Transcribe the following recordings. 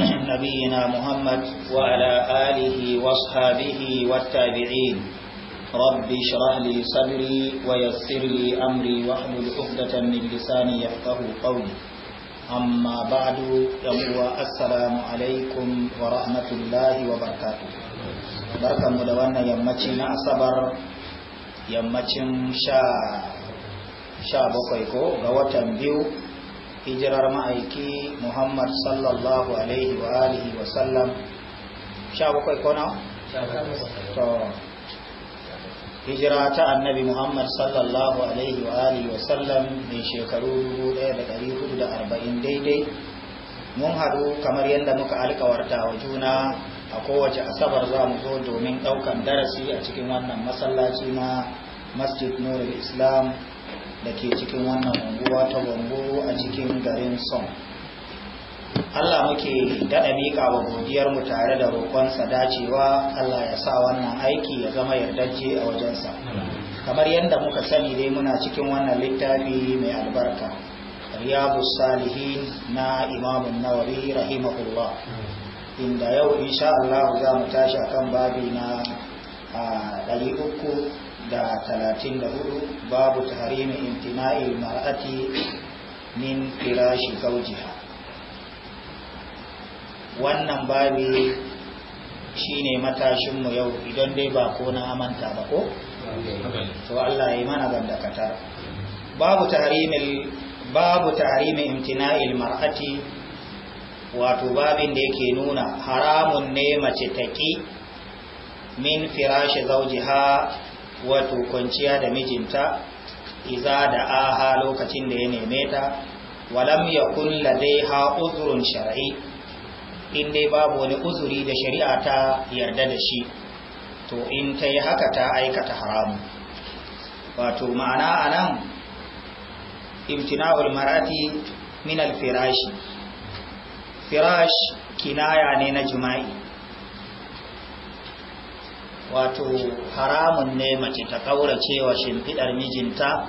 نبينا محمد وعلى آله واصحابه والتابعين رب اشرح لي صدري ويسر لي أمري واحلل عقدة من لساني يفقه قولي أما بعد يقوى السلام عليكم ورحمة الله وبركاته بركة مدونة يمتنا أصبر يمتشن شا شا بقيكو غوة بيو hijirar ma'aiki muhammad sallallahu alaihi wa alihi wa sallam sha bakwai kona? to hijira ta annabi muhammad sallallahu alaihi wa alihi wa sallam mai shekaru 1440 daidai mun haɗu kamar yadda muka alkawarta wa juna a kowace asabar za mu zo domin ɗaukan darasi a cikin wannan masallaci na masjid nuri islam da ke cikin wannan unguwa ta gungu a cikin garin son Allah muke daɗa miƙa wa godiyarmu tare da roƙonsa dacewa Allah ya sa wannan aiki ya zama yardajje a wajensa kamar yadda muka sani dai muna cikin wannan littafi mai albarka Riyabu salihin na imamun nawari rahimahullah inda yau insha Allah za mu tashi akan babi na 300 da talatin da hudu babu tahrimi intima'i mar'ati min firashi zaujiha wannan babi shine matashinmu yau idan dai ba ko na amanta ba ko to Allah ya mana banda katar babu tahrimil babu tahrimi imtina'il mar'ati wato babin da yake nuna haramun ne mace take min firashi zaujiha wato kwanciya da mijinta iza da aha lokacin da ya neme ta walam ya yakun ha ha shar'i in dai babu wani uzuri da shari'a ta yarda da shi to in ta yi haka ta aikata haramu wato ma'ana anan imtina'ul marati min al-firashi firash kinaya ne na jima'i wato haramun ne mace ta cewa shimfidar mijinta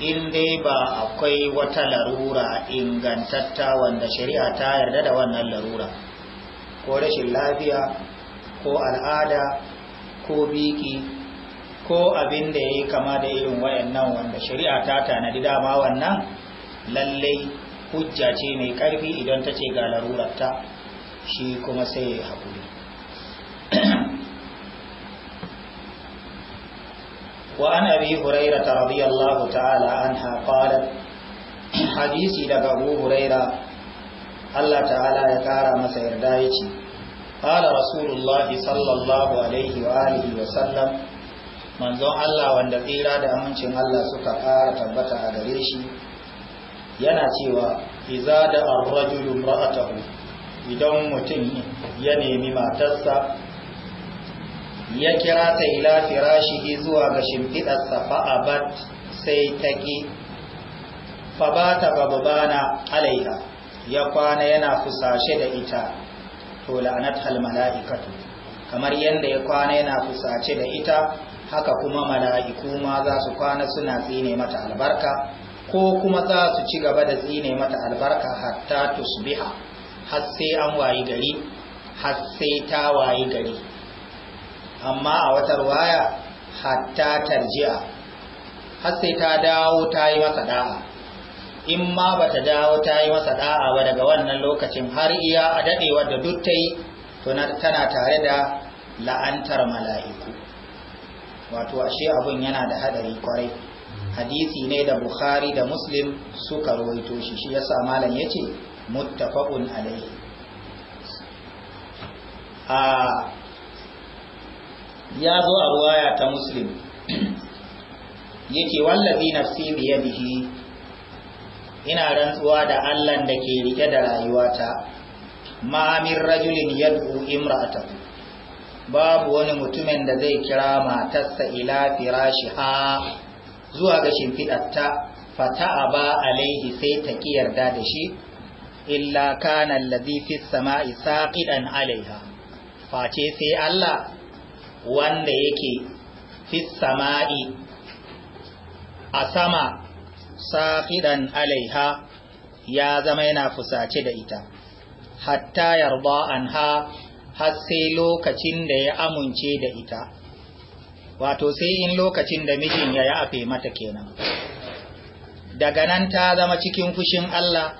in dai ba akwai wata larura ingantatta wanda shari'a ta yarda da wannan larura ko rashin lafiya ko al'ada ko biki ko abin da ya yi kama da irin wayannan wanda shari'a ta tanadi dama wannan lallai hujja ce mai karfi idan ta ce ga larurarta shi kuma sai ya haƙuri وعن أبي هريرة رضي الله تعالى عنها قالت حديثي لك أبو هريرة الله تعالى يكارى مسير دايتي قال رسول الله صلى الله عليه وآله وسلم manzon Allah wanda tsira da amincin Allah suka ƙara tabbata a gare shi yana cewa iza da ar-rajulu imra'atahu idan mutum ya nemi matarsa ya kira ta ila firashihi zuwa ga shimfiɗarsa fa'abat sai ta ƙi fa ba ta na alaiha ya kwana yana fusashe da ita to la'anat halmala'ikatu kamar yadda ya kwana yana fusace da ita haka kuma mala'iku ma za su kwana suna tsine mata albarka ko kuma za su ci gaba da tsine mata albarka hatta tusbiha har sai an wayi gari har sai ta wayi gari amma a wata ruwaya hatta tarji'a har sai ta dawo ta yi masa da'a in ma bata dawo ta yi masa da'a ba daga wannan lokacin har iya a dadewar da duk ta yi tana tare da la'antar mala'iku wato ashe abun yana da hadari kwarai hadisi ne da bukhari da muslim suka rawaito shi shi yasa malam yace muttafaqun alaihi a ya zo a ruwaya ta muslim yake wallazi nafsi bihi ina rantsuwa da Allah da ke rike da rayuwata ma'amin rajulin rajulin yad'u imra'atahu babu wani mutumin da zai kira matarsa ila ha! zuwa ga shimfiɗarta ba alaihi sai ta ki yarda da shi illa kana lazifis sama sama'i saqidan alaiha face sai Allah wanda yake fi sama'i a sama safidan alaiha ya zama yana fusace da ita hatta yarda anha har sai lokacin da ya amince da ita wato sai in lokacin da mijin ya yafe mata kenan daga nan ta zama cikin fushin Allah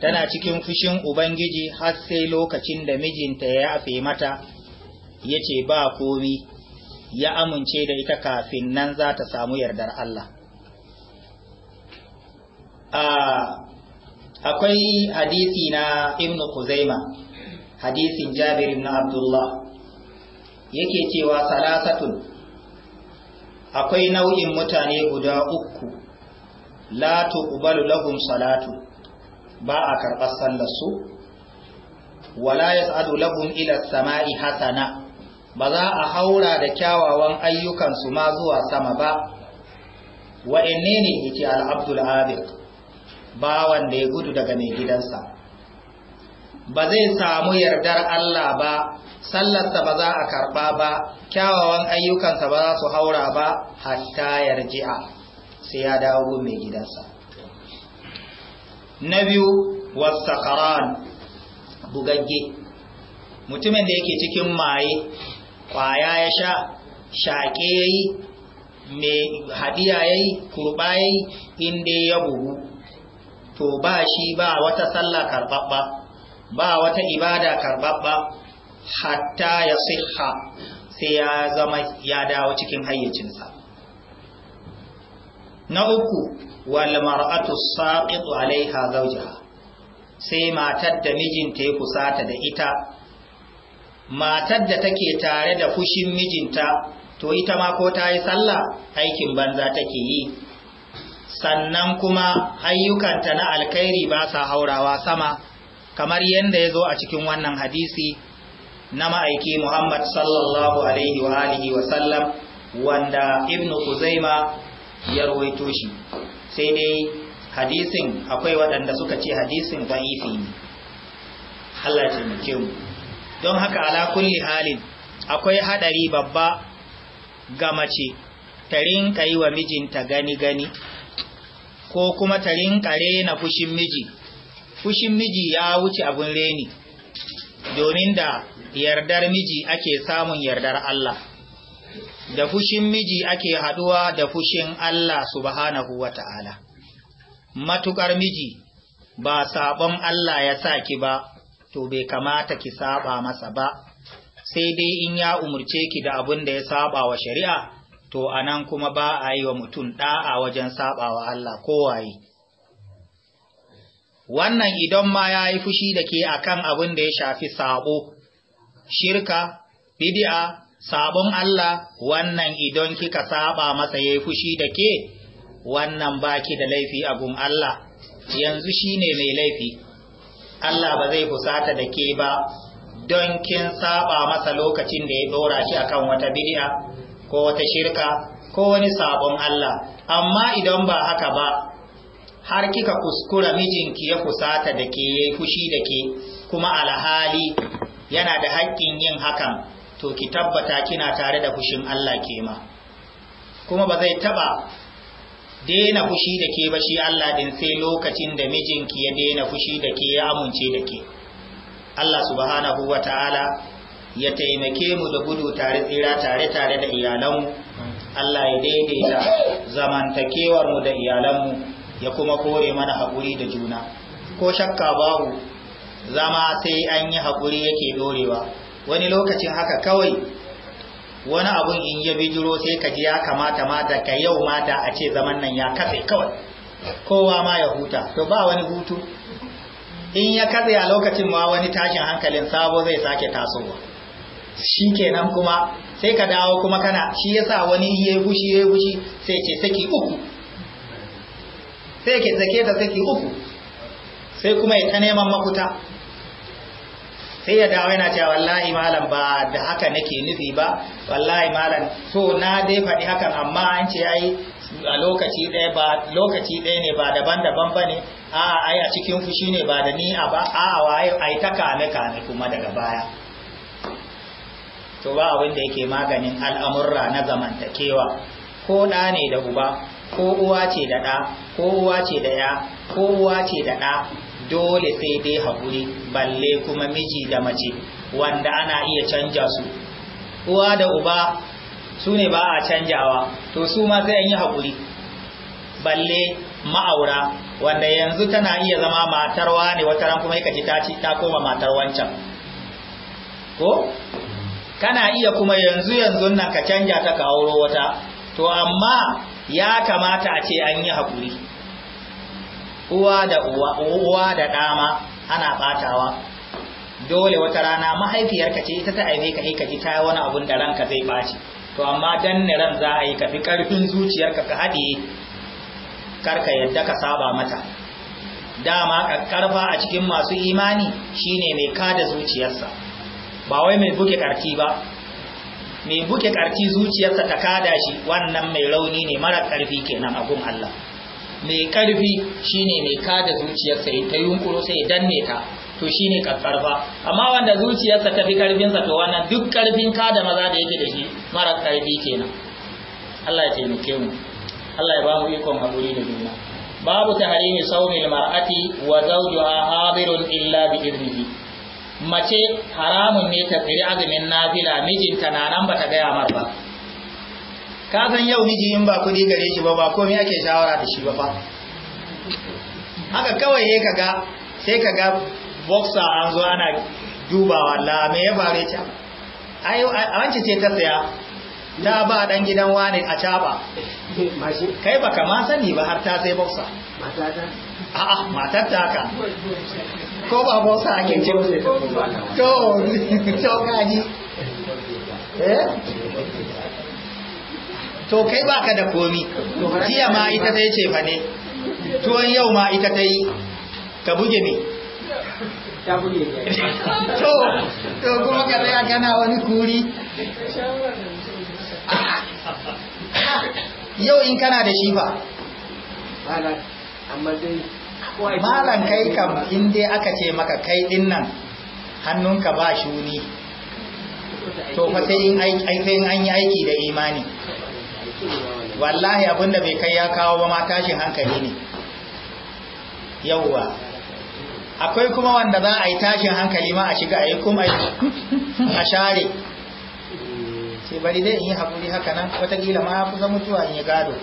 tana cikin fushin Ubangiji har sai lokacin da mijinta ya yafe mata ya ce ba komi ya amince da ita kafin nan za ta samu yardar Allah akwai hadisi na ibn Kuzaima hadisin Jabir ibn Abdullah yake cewa salasatun akwai nau'in mutane guda uku Latu, Ubalu, lahum salatu ba a karɓar sallarsu su wala yas'adu lahum ila samai hasana ba za a haura da kyawawan ayyukansu ma zuwa sama ba wa'anne ne yake al'abdul abid Ba wanda ya gudu daga mai gidansa ba zai samu yardar Allah ba sallarsa ba za a karɓa ba kyawawan ayyukansa ba za su haura ba hatta yarji'a sai ya dawo mai gidansa na biyu wasakaran bugagge mutumin da yake cikin maye kwaya ya sha shaƙe ya yi mai haɗiya ya yi kurɓa ya yi inda ya buhu, to ba shi ba wata sallah karɓaɓɓa ba wata ibada karɓaɓɓa hatta ya siha sai ya zama ya dawo cikin hayyacinsa na uku wal mar'atu saqitu alaiha zawjaha sai matar da mijinta ya kusata da ita matar da take tare da fushin mijinta to ita ma ko ta yi sallah aikin banza take yi sannan kuma ayyukanta na alkhairi ba sa haurawa sama kamar yadda ya zo a cikin wannan hadisi na ma'aiki Muhammad sallallahu alaihi wa alihi wa sallam wanda Ibn Kuzaima ya rawaito shi sai dai hadisin akwai waɗanda suka ce hadisin da'ifi ne Allah ya taimake mu don haka ala kulli halin akwai hadari babba ga mace ta rinka yi wa mijinta gani-gani ko kuma ta rinka rena fushin miji fushin miji ya wuce abin reni domin da yardar miji ake samun yardar Allah da fushin miji ake haduwa da fushin Allah subhanahu wa ta'ala matukar miji ba sabon Allah ya saki ba to bai kamata ki saba masa ba sai dai in ya umurce ki da abin da ya saba wa shari'a to anan kuma ba a yi wa mutum da'a wajen saba wa Allah kowaye wannan idan ma ya yi fushi da ke akan abin da ya shafi sabo shirka bid'a sabon Allah wannan idan kika saba masa yayi fushi da ke wannan baki da laifi a gun Allah yanzu shine mai laifi Allah ba zai fusata da ke ba don kin saba masa lokacin da ya dora shi akan wata bid'a ko wata shirka ko wani sabon Allah amma idan ba haka ba har kika kuskura mijinki ya fusata da ke yayi fushi da ke kuma alhali yana da haƙƙin yin hakan to ki tabbata kina tare da fushin Allah ke ma kuma ba zai taba daina fushi da ke ba shi Allah din sai lokacin da mijinki ya daina fushi da ke ya amince da ke Allah subhanahu wa ta'ala ya taimake mu da gudu tare tsira tare tare da iyalanmu Allah ya daidaita zamantakewar mu da iyalanmu ya kuma kore mana haƙuri da juna ko shakka babu zama sai an yi haƙuri yake dorewa wani lokacin haka kawai wani abun in ya bijiro sai ka ji ya kamata ma ka yau ma a ce zaman nan ya kafe kawai kowa ma ya huta to ba wani hutu in ya katse a lokacin ma wani tashin hankalin sabo zai sake tasowa shi kenan kuma sai ka dawo kuma kana shi yasa wani ya gushi ya gushi sai ce saki uku sai ke sake ta saki uku sai kuma ya ta neman mafuta sai ya dawo yana cewa wallahi malam ba da haka nake nufi ba wallahi malam so na dai faɗi hakan amma an ce yayi a lokaci ɗaya ba lokaci ɗaya ne ba daban-daban ba ne a ai a cikin fushi ne ba da ni'a ba a waye ai ta kame kame kuma daga baya to ba abin da yake maganin al'amurra na zamantakewa ko ɗa ne da uba ko uwa ce da ɗa ko uwa ce da ya ko uwa ce da ɗa dole sai dai hakuri, balle kuma miji da mace wanda ana iya canja su uwa da uba su ne ba a canjawa to su ma sai an yi hakuri. balle ma'aura wanda yanzu tana iya zama matar wani wata ran kuma yake ta ci ta koma matar wancan ko kana iya kuma yanzu yanzu nan ka canja ta ka auro wata to amma ya kamata a ce an yi haƙuri uwa da uwa uwa da dama ana batawa dole wata rana mahaifiyarka ce ita ta aibe ka ka ji ta wani abun da ranka zai baci to amma danne ran za a yi ka fi karfin zuciyarka ka haɗe karka yadda ka saba mata dama karfa a cikin masu imani shine mai kada zuciyarsa ba wai mai buke karti ba mai buke karti zuciyarsa ta kada shi wannan mai rauni ne mara karfi kenan a Allah mai karfi shine mai kada zuciyarsa ya ta yunkuro sai ya danne ta to shine katsarfa amma wanda zuciyarsa ta fi karfinsa to wannan duk karfin kada maza da yake da shi mara karfi kenan Allah ya taimake mu Allah ya ba mu ikon haƙuri da juna babu tahrimi al mar'ati wa zawjuha hadirun illa bi idnihi mace haramun ne ta tsiri azumin nafila mijinta na nan bata gaya mar ba ka yau miji yin ba kudi gare shi ba ba komi ake shawara da shi ba fa haka kawai ya kaga sai kaga boxer an zo ana dubawa la me ya fare ta a wance ce ta saya ta ba dan gidan wani a caba kai baka ma sani ba har ta sai boxer matata a'a matar ta ka ko ba boxer ake ce to to kaji eh to kai baka da komi jiya ma ita ta yi ce ne? tuwon yau ma ita ta yi ka buge ni? to to kuma ka tsaya kana wani kuri yau in kana da shi ba malam kai kam in dai aka ce maka kai din nan hannunka ba shuni to fa sai in an yi aiki da imani wallahi abinda bai kai ya kawo ba ma tashin hankali ne yauwa akwai kuma wanda za a yi tashin hankali ma a shiga a yi kuma a share ce bari dai in yi haƙuri haka nan watakila ma ya kusa mutuwa in yi gado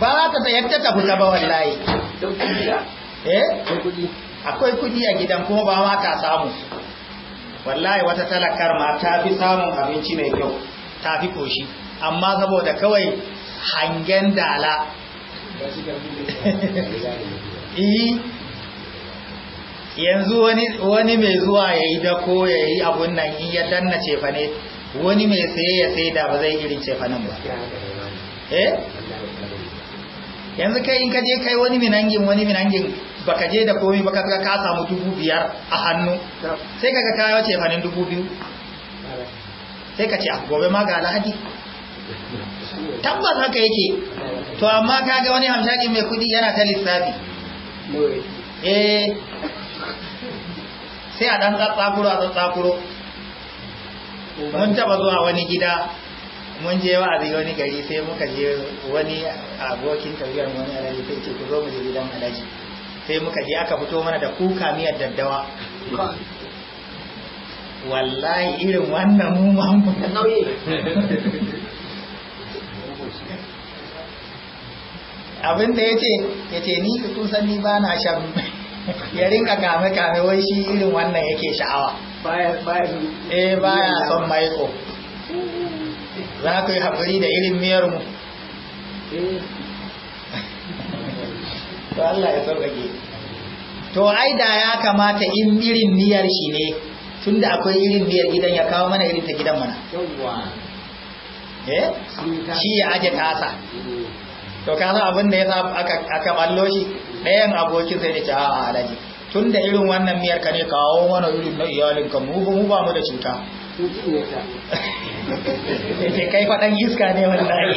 ba ta ta yadda ta ba wallahi eh akwai kudi a gidan kuma ba ma ka samu wallahi wata talakar ma ta fi samun abinci mai kyau ta fi koshi amma saboda kawai hangen dala eh, yanzu wani mai zuwa ya yi dako ya yi abun nan in ya danna cefane wani mai saye ya sai da ba zai irin cefanen ba eh yanzu kai in ka je kai wani minangin wani minangin baka je da komai baka ga ka samu dubu biyar a hannu sai kaga ka yace fanin dubu biyu sai ka ce ah, gobe ma ga alhaji tabbas haka yake to amma kaga wani hamshaki mai kudi yana ta lissafi eh sai a dan tsatsakuro a tsatsakuro mun taba zuwa wani gida mun je wa'azi wani gari sai muka je wani abokin tafiyar wani alaji sai ce ku zo mu je gidan alaji sai muka je aka fito mana da kuka miyar daddawa wallahi irin wannan mu ma mun nauyi abin da yace yace ni kun san ni ba na shan ya rinka kame kame wai shi irin wannan yake sha'awa baya baya eh baya son maiko za ka yi haƙuri da irin miyar mu to Allah ya sauƙaƙe to ai da ya kamata in irin miyar shi ne tunda akwai irin miyar gidan ya kawo mana irin ta gidan mana eh shi ya ake tasa to ka abinda abin ya aka ballo shi ɗayan abokin sai da ce a alaji tunda irin wannan miyar ka ne kawo mana irin na iyalinka mu ba mu da cuta da kai faɗan iska ne wallahi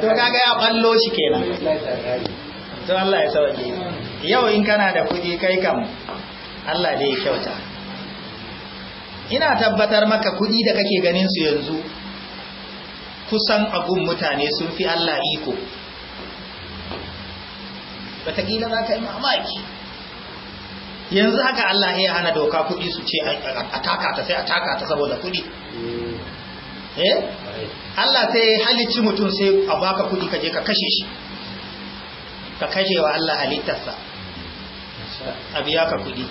to kaga ya ballo shi kenan to Allah ya sauke yau in kana da kuɗi kai kam Allah dai ya kyauta ina tabbatar maka kuɗi da kake ganin su yanzu kusan agun mutane sun fi Allah iko wataƙila za ka yi mamaki yanzu haka Allah ya hana doka kuɗi su ce a taka ta sai a taka ta saboda kuɗi hmm. eh Allah sai halicci mutum sai a baka kuɗi ka je ka kashe shi ka kashe wa Allah halittarsa a biya ka kuɗi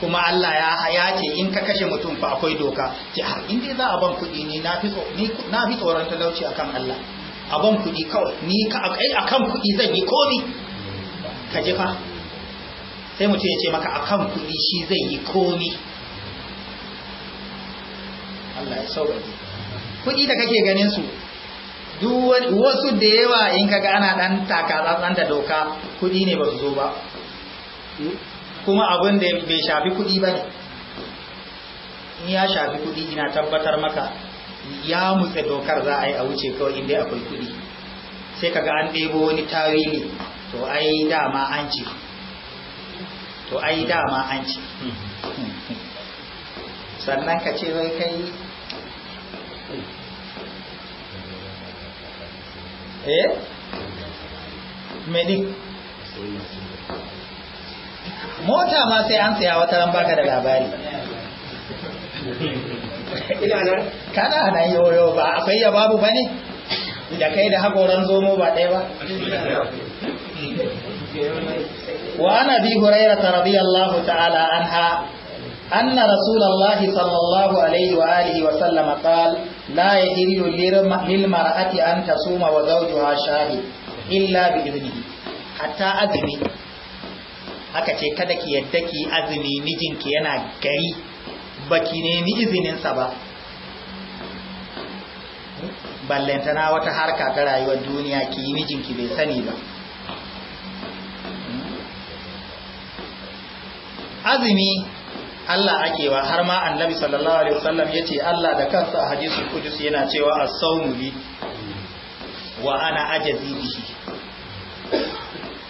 kuma Allah ya haya ce in ka kashe mutum fa akwai doka ce har ah, in dai za a ban kuɗi ni na fi na fi tsoron talauci akan Allah a ban kuɗi kawai ni ka akai akan kuɗi zan yi komi hmm. ka je fa sai mutum ya ce maka kan kuɗi shi zai yi komi Allah ya saurari kuɗi da kake ganin su wasu da yawa in kaga ana ɗan takatsantsan da doka kuɗi ne ba su zo ba kuma abin da bai shafi kuɗi ba ne in ya shafi kuɗi ina tabbatar maka ya mutse dokar za a yi a wuce kawai inda akwai kuɗi sai kaga an ɗebo wani ne. to ai dama an ce to ai dama an ce hmm. sannan ka ce wai kai eh medic mota ma sai an saya wata ran baka da labari kana nan yoyo ba akwai ya babu bane da kai da hakoran zomo ba ɗaya ba hmm. وعن أبي هريرة رضي الله تعالى عنها أن رسول الله صلى الله عليه وآله وسلم قال لا يهل للمرأة أن تصوم وزوجها شاهد إلا بإذنه حتى أذني haka ce kada ki yadda ki azumi mijinki yana gari ba ki nemi izininsa ba ballantana wata harka ta rayuwar duniya ki yi mijinki bai sani ba azumi Allah ake wa har ma annabi sallallahu alaihi wasallam yace Allah da kansa a hadisi kudus yana cewa as-sawmu li wa ana ajazi bihi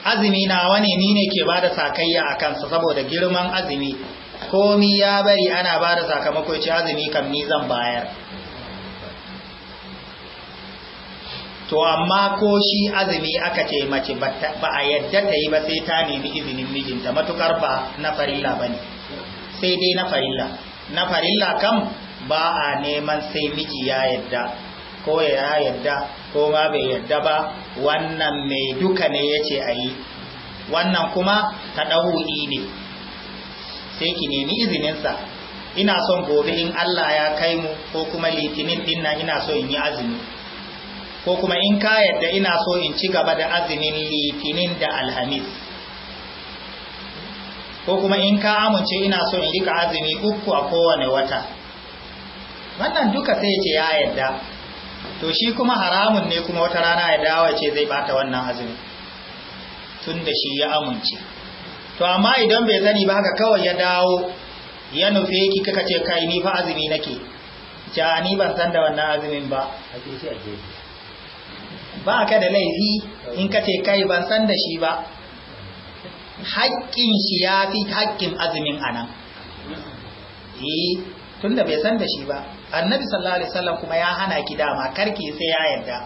azumi na wani ni ne ke bada sakayya a kansa saboda girman azumi komi ya bari ana bada sakamako ce azumi kam ni zan bayar to amma ko shi azumi aka ce mace ba a yadda ta yi ba sai ta nemi izinin mijinta matukar ba na farilla ba ne sai dai na farilla na farilla kam ba a neman sai miji ya yadda ko ya yadda ko ma bai yadda ba wannan mai duka ne ya ce a yi wannan kuma ta ɗau'i ne sai ki nemi izininsa ina son gobe in Allah ya kai mu ko kuma litinin ɗin ina so in yi azumi ko kuma in ka yadda ina so in ci gaba da azumin litinin da alhamis ko kuma in ka amince ina so in rika azumi uku a kowane wata wannan duka sai ce ya yadda to shi kuma haramun ne kuma wata rana ya dawo ce zai bata wannan azumi tun da shi ya amince to amma idan bai zani ba haka kawai ya dawo ya nufe ki kaka ce kai ni fa azumi nake ja ni ban san da wannan azumin ba ake shi a gefe ba ka da laifi in ka ce kai ban san da shi ba haƙƙin shi ya fi haƙƙin azumin anan eh da bai san da shi ba annabi sallallahu alaihi wasallam kuma ya hana ki dama karki sai ya yarda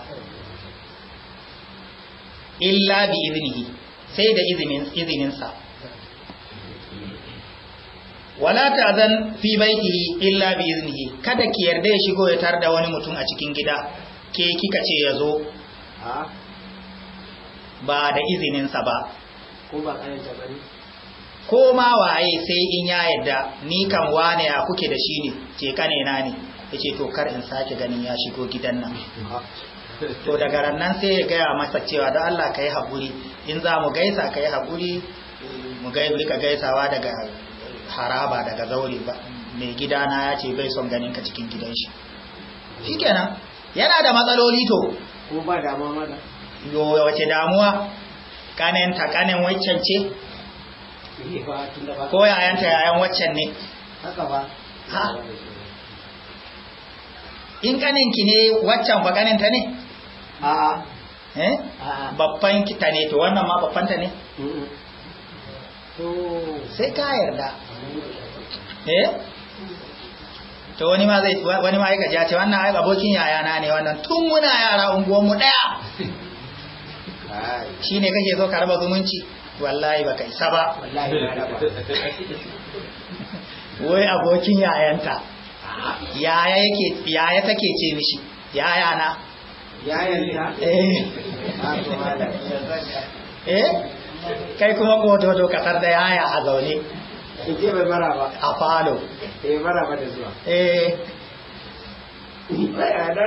illa bi iznihi sai da izinin izininsa wala ta'zan fi baitihi illa bi iznihi kada ki yarda ya shigo ya tarda wani mutum a cikin gida ke kika ce zo? ba da izininsa ba ko ba ko ma waye sai in ya yadda ni kan wane ya kuke da shi ne ce kane na ne yace to kar in sake ganin ya shigo gidan nan to daga rannan sai ya gaya masa cewa don Allah ka yi haƙuri in za mu gaisa ka yi haƙuri mu rika gaisawa daga haraba daga zaure ba mai gidana ya ce bai son ganin ka cikin gidan shi shi kenan yana da matsaloli to ko ba damuwa mada yo wace damuwa kanen ta kanen waccan ce eh, ko yayan ta yayan waccan ne haka ba ha in kanin ki ne waccan ba kanin ta ne a eh babban ki ta ne to wannan ma babban ta ne to sai ka yarda eh to wani ma zai wani ma yake ya ce wannan ai abokin yaya na ne wannan tun muna yara unguwar mu daya shi ne kake so ka raba zumunci wallahi baka isa ba wallahi wai abokin yayanta yaya yake yaya take ce mishi yaya na yayanta eh eh kai kuma gododo kasar da yaya a zaune Ije bai mara eh, ba. da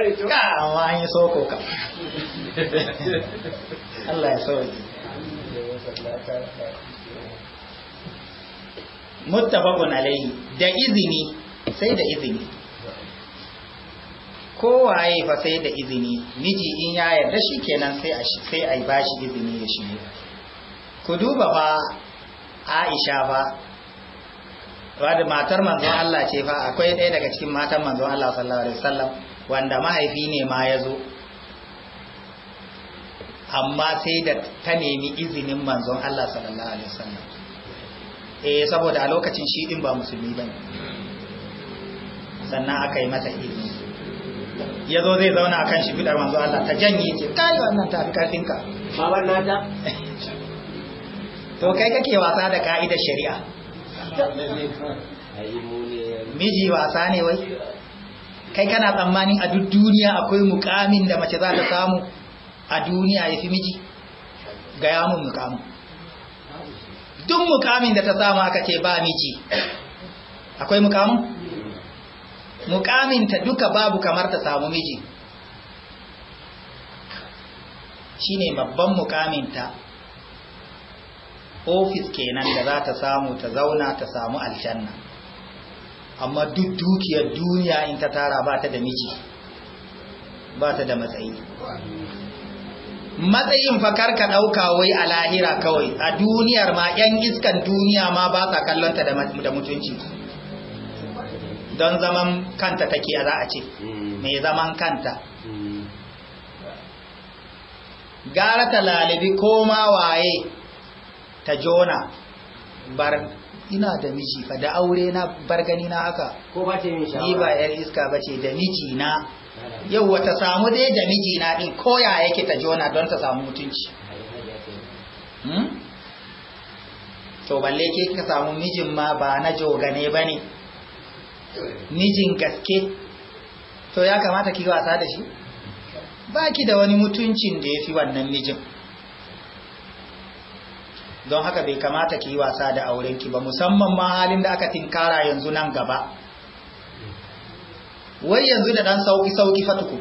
eh. alaihi da izini sai da izini. Kowaye fa sai da izini, miji in ya yarda shi kenan sai a sai a bashi izini ya shigo. Ku duba ba Aisha ba wadda matar manzon Allah ce fa akwai ɗaya daga cikin matan manzon Allah sallallahu alaihi wasallam wanda mahaifi ne ma ya zo amma sai da ta nemi izinin manzon Allah sallallahu alaihi wasallam eh saboda a lokacin shi din ba musulmi bane sannan aka yi mata izini ya zo zai zauna akan shi bidar manzo Allah ta janye ce kai wannan ta karfinka ma wannan ta to kai kake wasa da ka'idar shari'a miji wasa ne wai kai kana tsammanin a duk duniya akwai mukamin da mace za ta samu a duniya ya fi miji ga yamun mukamin duk mukamin da ta samu aka ce ba miji akwai mukamin mukamin ta duka babu kamar ta samu miji Shi ne babban mukamin ta ofis kenan da za ta samu ta zauna ta samu aljanna amma duk dukiyar duniya in ta tara ba ta da miji ba ta da matsayi matsayin fakar ka ɗauka wai a lahira kawai a duniyar ma 'yan iskan duniya ma ba sa kallonta da mutunci don zaman kanta take a za a ce mai zaman kanta gara ta lalibi koma waye ta jona bar ina da miji fa da aure na bar gani na haka ko ba ce yin ni ba yar iska ce da miji na yau wata samu dai da miji na din koya yake ta jona don ta samu mutunci hmm? to balle ke ka samu mijin ma ba na jogane bane mijin gaske to ya kamata ki wasa da shi baki da wani mutuncin da yafi wannan mijin don haka bai kamata ki yi wasa da aurenki ba musamman ma halin da aka tinkara yanzu nan gaba wai yanzu da dan sauki-sauki fatuku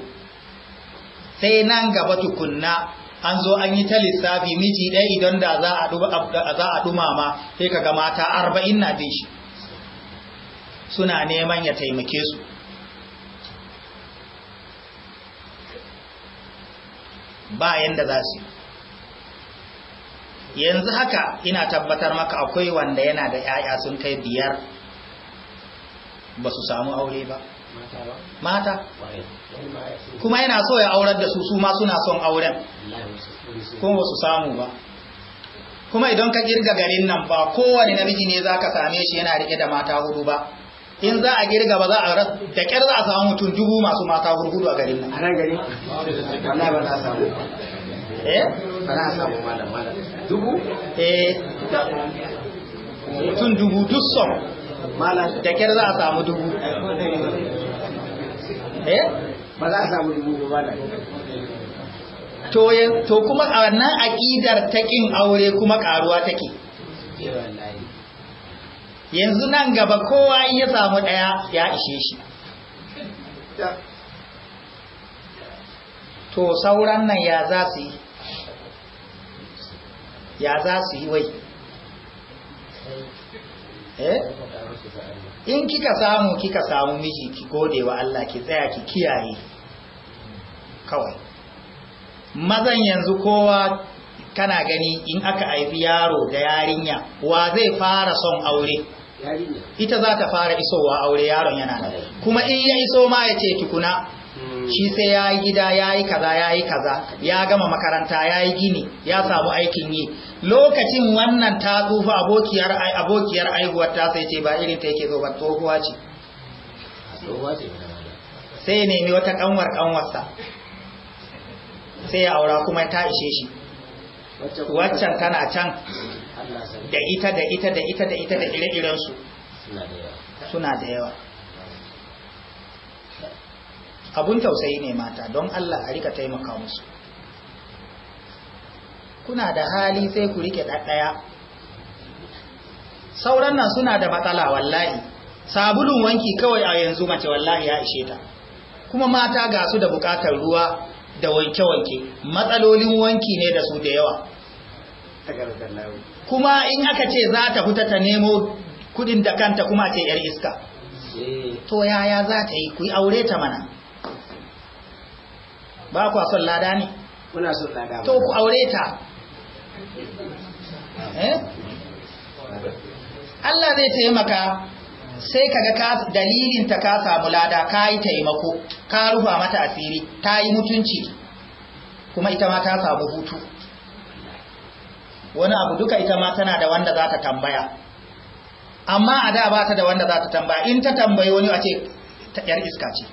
sai nan gaba tukunna an zo an yi ta lissafi miji ɗaya idan da za a dumama sai ka ga mata arba'in na bin shi suna neman ya taimake su ba yanda za su yi yanzu haka ina tabbatar maka akwai wanda yana da ‘ya'ya sun kai biyar ba su samu aure ba mata kuma yana so ya aurar da su su ma suna son auren kuma ba su samu ba kuma idan ka girga garin nan ba kowane namiji ne za ka same shi yana riƙe da mata hudu ba in za a girga ba za a rasu da ƙyar za a samu mutum dubu masu mata hudu a garin nan a nan garin ba na samu eh ba za a samu malam malam dubu eh mutum dubu duk son malam da kyar za a samu dubu eh ba za a samu dubu ba malam to to kuma a wannan aqidar ta kin aure kuma karuwa take eh, yanzu nan gaba kowa in ya samu daya ya ishe shi to sauran nan ya za su yi ya za su yi wai eh in kika samu kika samu miji ki gode wa Allah ki tsaya ki kiyaye kawai mazan yanzu kowa kana gani in aka haifi yaro da yarinya wa zai fara son aure ita za ta fara isowa aure yaron yana da kuma in ya iso ma ya ce ki kuna shi sai ya yi gida ya yi kaza ya yi kaza ya gama makaranta ya yi gini ya samu aikin yi lokacin wannan ta tsufa abokiyar abokiyar aihuwar ta sai ce ba irin ta yake zo ba tsohuwa ce sai ya nemi wata kanwar kanwarsa sai ya aura kuma ta ishe shi waccan tana can da ita da ita da ita da ita da ire-irensu suna da yawa abun tausayi ne mata don Allah a rika taimaka musu kuna da hali sai ku rike ɗaɗɗaya sauran nan suna da matsala wallahi sabulun wanki kawai a yanzu mace wallahi ya ishe ta kuma mata ga su da bukatar ruwa da wanke-wanke matsalolin wanki ne da su da yawa kuma in aka ce za ta fita ta nemo kudin da kanta kuma ce yar iska eh. to yaya za ta yi ku yi aure ta mana ba kwa son lada ne muna son lada to ku aure ta eh Allah zai taimaka sai kaga ka dalilin ta ka samu lada ka yi taimako ka rufa mata asiri ta yi mutunci kuma ita ma ta samu hutu wani abu duka ita ma tana da wanda za ta tambaya amma a da ba ta da wanda za ta tambaya in ta tambayi wani a ce ta yar iska ce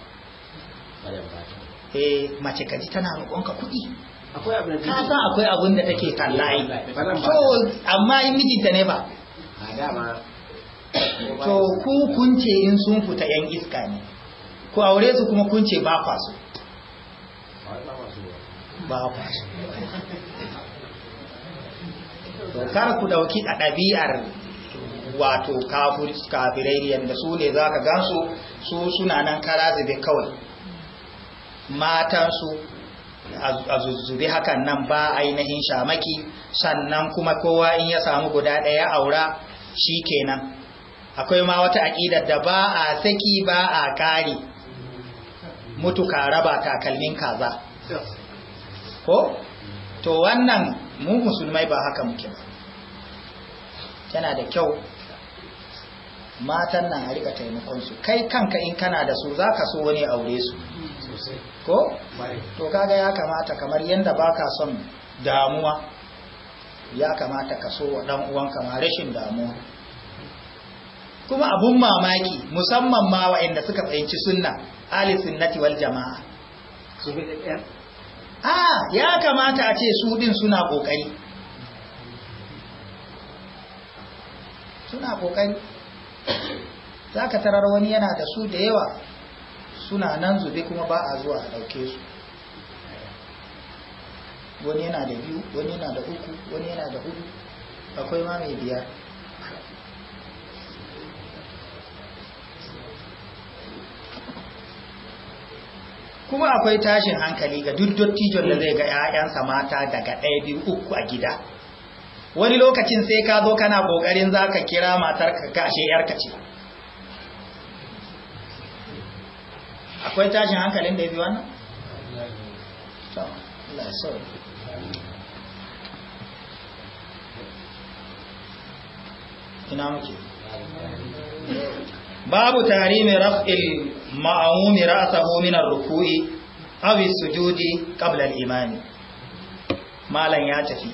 eh mace kaji tana roƙonka kuɗi ka san akwai abin da take kallaye to amma in mijinta ne ba to ku kunce in sun fita yan iska ne ku aure su kuma kunce ba kwaso? ba kwaso. to kar ku dauki a ɗabi'ar wato kafirai yadda su ne za ka gan su suna nan kara zube kawai matansu a zuzzubi hakan nan ba ainihin shamaki sannan kuma kowa in ya samu guda ɗaya aura shi kenan akwai ma wata aƙidar da ba a saki ba a ƙari mutuka raba takalmin kaza ko to wannan mu musulmai ba haka muke ba Tana da kyau matan nan a rika taimakonsu kai kanka in kana da su za ka so wani aure su ko to kaga ya kamata kamar yanda baka son damuwa ya kamata ka so wa dan uwan ma rashin damuwa kuma abun mamaki musamman ma inda suka fahimci sunna ahli sunnati wal jama'a su bi a ya kamata a ce su din suna kokari suna kokari zaka tarar wani yana da su da yawa suna nan zube kuma ba a zuwa a ɗauke su wani yana da biyu wani yana da uku wani yana da hudu akwai ma mai biyar kuma akwai tashin hankali ga duk dottijon da zai ga 'ya'yansa mata daga ɗaya biyu uku a gida wani lokacin sai ka zo kana ƙoƙarin za ka kira matar ka kashe 'yarka ce akwai tashin hankalin da ya fi wannan? ina muke babu mai raf'il ma'amumi ra'sahu min rukui abu su sujudi qabla imani malan ya tafi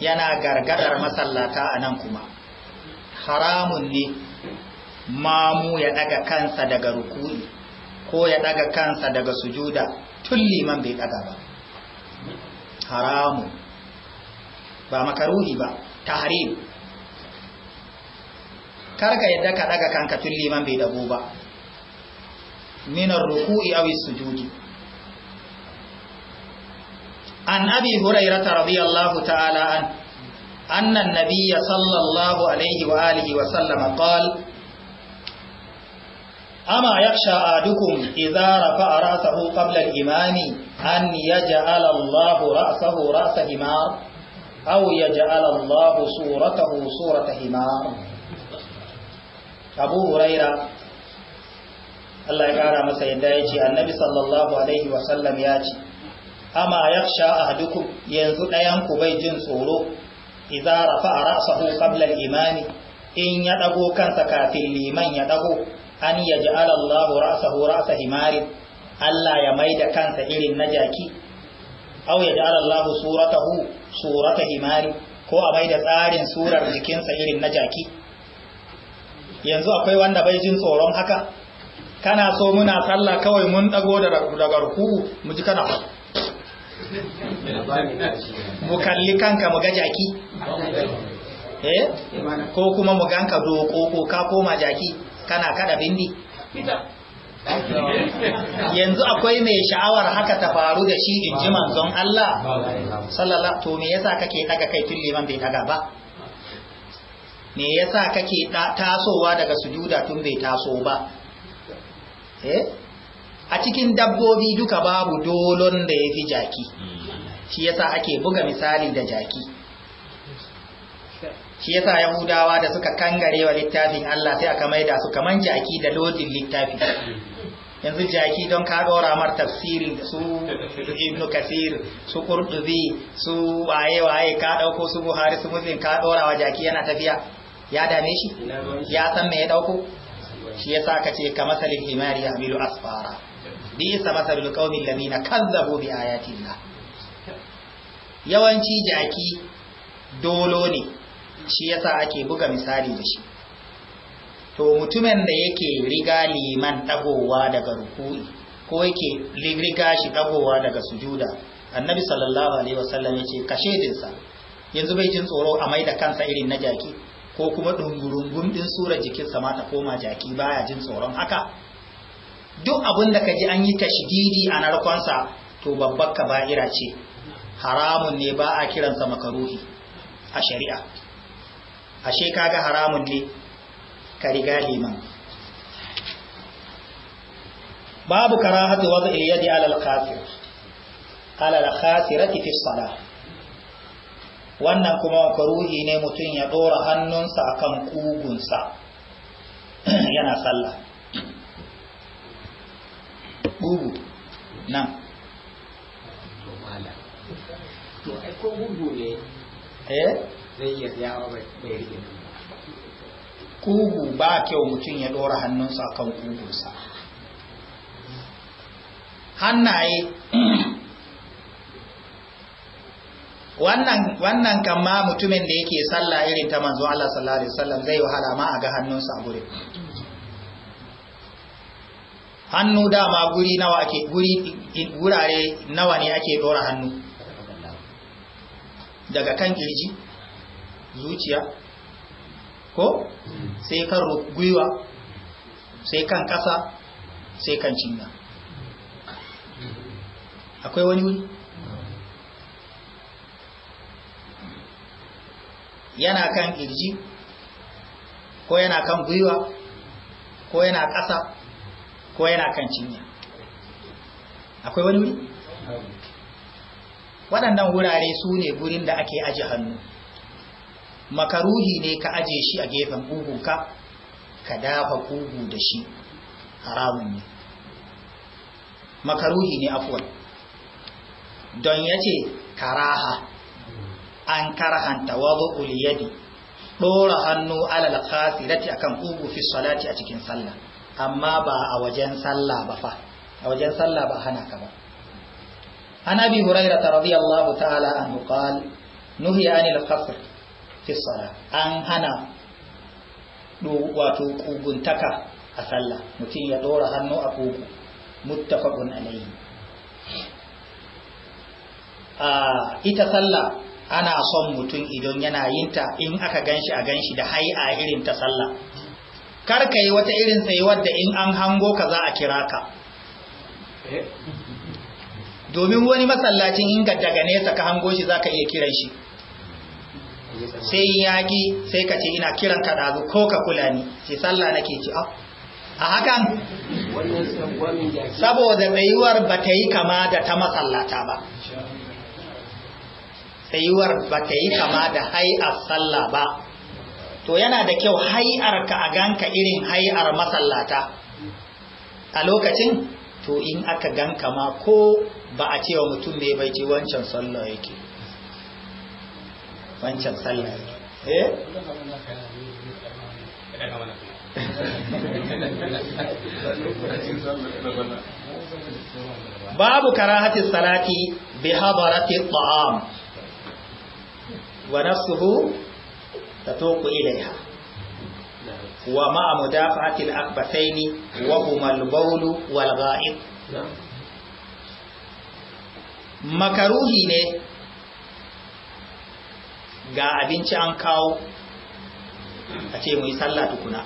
yana gargadar masallata a nan kuma haramun ne mamu ya daga kansa daga ruku'i ko ya daga kansa daga sujuda tun liman bai daga ba haramu ba makaruhi ba tahrim karka yadda ka daga kanka tun liman bai dago ba minar ruku'i aw sujudi an abi hurairah radiyallahu ta'ala an anna an-nabiyya sallallahu alaihi wa alihi wa sallama qala ama yakhsha adukum idza rafa'a ra'sahu qabla al-imami an yaj'ala Allahu ra'sahu ra'sa himar aw yaj'ala Allahu suratahu surata himar Abu Huraira Allah ya kara masa yadda yace Annabi sallallahu alaihi wa sallam yace ama yakhsha ahadukum yanzu dayan ku bai jin tsoro idza rafa'a ra'sahu qabla al-imami in ya dago kansa kafin liman ya dago an ya ji Allahu ra'sahu ra'sa himarin Allah ya maida kansa irin na jaki au ya ja'ala surata suratahu surata himari ko a maida tsarin surar jikinsa irin na jaki yanzu akwai wanda bai jin tsoron haka kana so muna sallah kawai mun dago daga ruku mu ji kana mu kalli kanka mu ga jaki eh ko kuma mu ganka doko ko ka koma jaki kana kada binni yanzu akwai mai sha'awar haka ta faru da shi in ji manzon Allah sallallahu to me yasa kake daga kai tun liman bai daga ba me yasa kake tasowa daga sujuda tun bai taso ba eh a cikin dabbobi duka babu dolon da yafi jaki shi yasa ake buga misali da jaki shi yasa yahudawa da suka kangare wa littafin Allah sai aka maida su kaman jaki da lodin littafi yanzu jaki don ka dora mar tafsirin su ibnu kasir su qurtubi su waye waye ka dauko su buhari su muslim ka dora wa jaki yana tafiya ya dame shi ya san me ya dauko shi yasa ka ce ka masalin himari bilu asfara bi isa masalul qaumil ladina kazzabu bi ayatillah yawanci jaki dolo ne shi yasa ake buga misali da shi to mutumin da yake riga liman dagowa daga ruku'i ko yake riga shi dagowa daga sujuda annabi sallallahu alaihi wasallam yace kashe sa yanzu bai jin tsoro a mai da kansa irin na jaki ko kuma dungurungun din jikin jikinsa ma ta koma jaki baya jin tsoron haka duk abin da kaji an yi tashdidi a narkonsa to babbar kaba'ira ce haramun ne ba a kiransa makaruhi a shari'a ashe kaga haramun ne ka riga liman babu karahatu wadda yadi alal khasir alal khasirati fi salah wannan kuma makaruhi ne mutum ya dora hannunsa akan kugunsa yana sallah Kugu nan to ai ko ne eh zai iya a kugu ba kyau mutum ya ɗora hannunsa a kan kugunsa hannaye wannan kama mutumin da yake sallah irin ta manzo Allah sallallahu alaihi wasallam zai wahala ma a ga hannunsa a gurin hannu dama guri nawa ake guri gurare nawa ne ake dora hannu daga kan kirji zuciya ko sai kan gwiwa sai kan ƙasa sai kan cinna akwai wani wuri yana kan kirji ko yana kan gwiwa ko yana ƙasa ko yana kan cinya akwai wani wuri waɗannan wurare su ne gurin da ake aji hannu makaruhi ne ka aje shi a gefen ƙugunka ka dafa ƙugu da shi haramun ne makaruhi ne afuwar don ya ce karaha an karahanta wazo uliyadi ɗora hannu alal khasirati akan ƙugu fi salati a cikin sallah amma ba a wajen sallah ba fa a wajen sallah ba hana ka ba an abi hurairah radiyallahu ta'ala an qala nuhiya anil khasr fisara an hana wato kuguntaka a sallah mutum ya ɗora hannu a kugu muttafaqun alayhi a ita sallah ana son mutum idan yana yinta in aka ganshi a ganshi da hai'a irin ta sallah kar ka yi wata irin sai wadda in an hango ka za a kira ka eh? domin wani masallacin in daga nesa ka hango shi zaka iya kiran shi sai yaƙi sai ka ce ina kiran ka ɗazu ko ka kula ni ce sallah nake ci ah, a hakan saboda tsayuwar ba ta yi kama da ta masallata ba tsayuwar ba ta yi kama da hai'ar sallah ba to yana da kyau hai'ar ka a ganka irin hai'ar masallata a lokacin to in aka ganka ma ko ba a cewa mutum ne bai ci wancan sallah yake wancan sallah eh? eh babu karahati salati bi hadarati ta'am wa nafsuhu tatuqu ilaiha wa ma'a mudafa'ati al-akbathaini wa huma al-bawl wal gha'ib makaruhi ne ga abinci an kawo a ce mu yi sallah tukuna